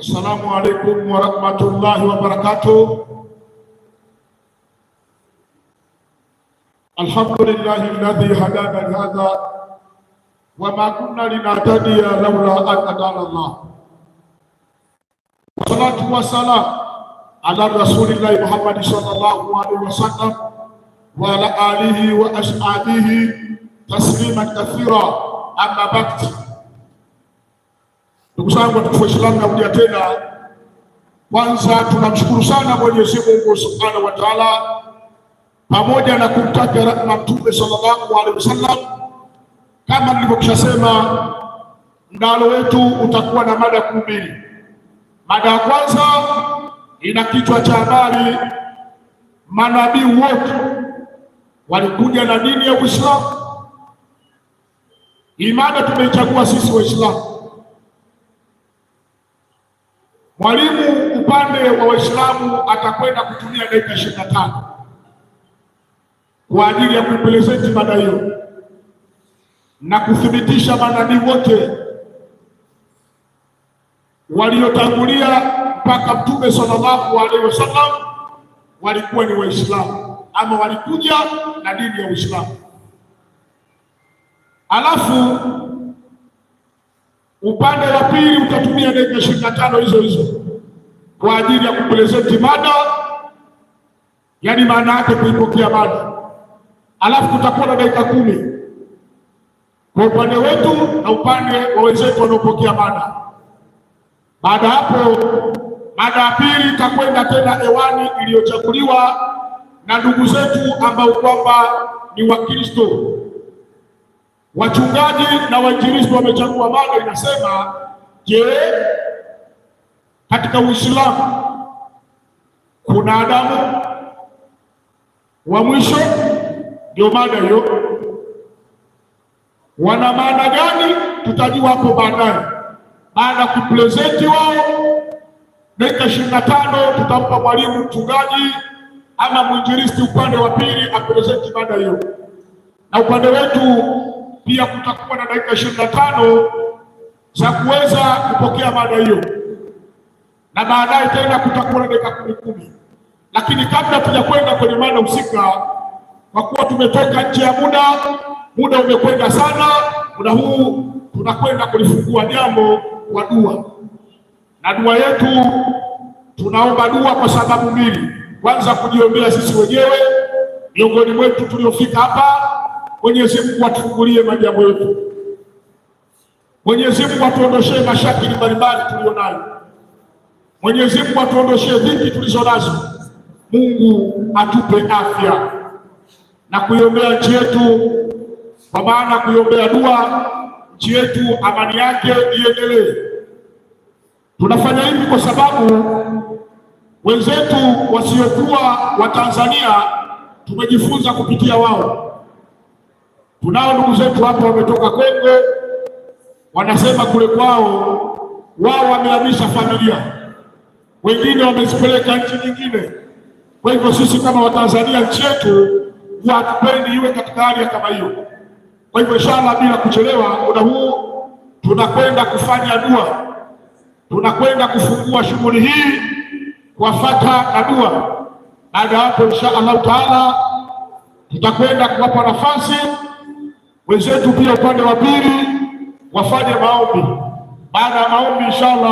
السلام عليكم ورحمة الله وبركاته الحمد لله الذي هدانا لهذا وما كنا لنعتدي لولا أن أدانا الله والصلاة والسلام على رسول الله محمد صلى الله عليه وسلم وعلى آله وأصحابه تسليما كثيرا أما بعد Ndugu zangu watukufu Waislamu, nakuja tena. Kwanza tunamshukuru sana Mwenyezi Mungu subhanahu wa taala, pamoja na kumtakia rahma Mtume sallallahu alaihi wasallam. Kama nilivyokwisha mdalo mdahalo wetu utakuwa na mada kuu mbili. Mada ya kwanza ina kichwa cha habari, manabii wote walikuja na dini ya Uislamu. Hii tumeichagua sisi Waislamu Mwalimu upande wa Waislamu atakwenda kutumia dakika ishirini na tano kwa ajili ya kuipelezenti mada hiyo na kuthibitisha manabii wote waliotangulia mpaka Mtume sallallahu alaihi wasallam walikuwa ni Waislamu ama walikuja na dini ya Uislamu alafu Upande wa pili utatumia dakika ishirini na tano hizo hizo kwa ajili ya kupresenti mada, yaani maana yake kuipokea mada, alafu kutakuwa na dakika kumi kwa upande wetu na upande wa wenzetu wanaopokea mada. Baada hapo, mada ya pili itakwenda tena hewani iliyochaguliwa na ndugu zetu ambao kwamba ni Wakristo Wachungaji na wainjilisti wamechagua mada inasema, je, katika Uislamu kuna Adamu wa mwisho? Ndio mada hiyo. Wana maana gani? Tutajua hapo baadaye, baada ya kupresenti wao dakika ishirini na tano tutampa mwalimu mchungaji ama mwinjilisti upande wa pili apresenti mada hiyo, na upande wetu pia kutakuwa na dakika ishirini na tano za kuweza kupokea mada hiyo, na baadaye tena kutakuwa na dakika kumi kumi. Lakini kabla tujakwenda kwenye mada husika, kwa kuwa tumetoka nje ya muda, muda umekwenda sana, muda huu tunakwenda kulifungua jambo kwa dua, na dua yetu tunaomba dua kwa sababu mbili. Kwanza, kujiombea sisi wenyewe miongoni mwetu tuliofika hapa Mwenyezi Mungu atufungulie majambo yetu. Mwenyezi Mungu atuondoshee mashakili mbalimbali tuliyonayo. Mwenyezi Mungu atuondoshee dhiki tulizo nazo. Mungu atupe afya na kuiombea nchi yetu, kwa maana kuiombea dua nchi yetu, amani yake iendelee. Tunafanya hivi kwa sababu wenzetu wasiokuwa wa Tanzania tumejifunza kupitia wao Tunao ndugu zetu hapa wametoka Kongo, wanasema kule kwao wao wamehamisha familia, wengine wamezipeleka nchi nyingine. Kwa hivyo sisi kama Watanzania nchi yetu huwa hatupendi iwe katika hali ya kama hiyo. Kwa hivyo inshallah, bila kuchelewa, muda huu tunakwenda kufanya dua, tunakwenda kufungua shughuli hii kwa fatha na dua. Baada ya hapo, insha allahu taala, tutakwenda kuwapa nafasi wenzetu pia upande wa pili wafanye maombi. Baada ya maombi, inshallah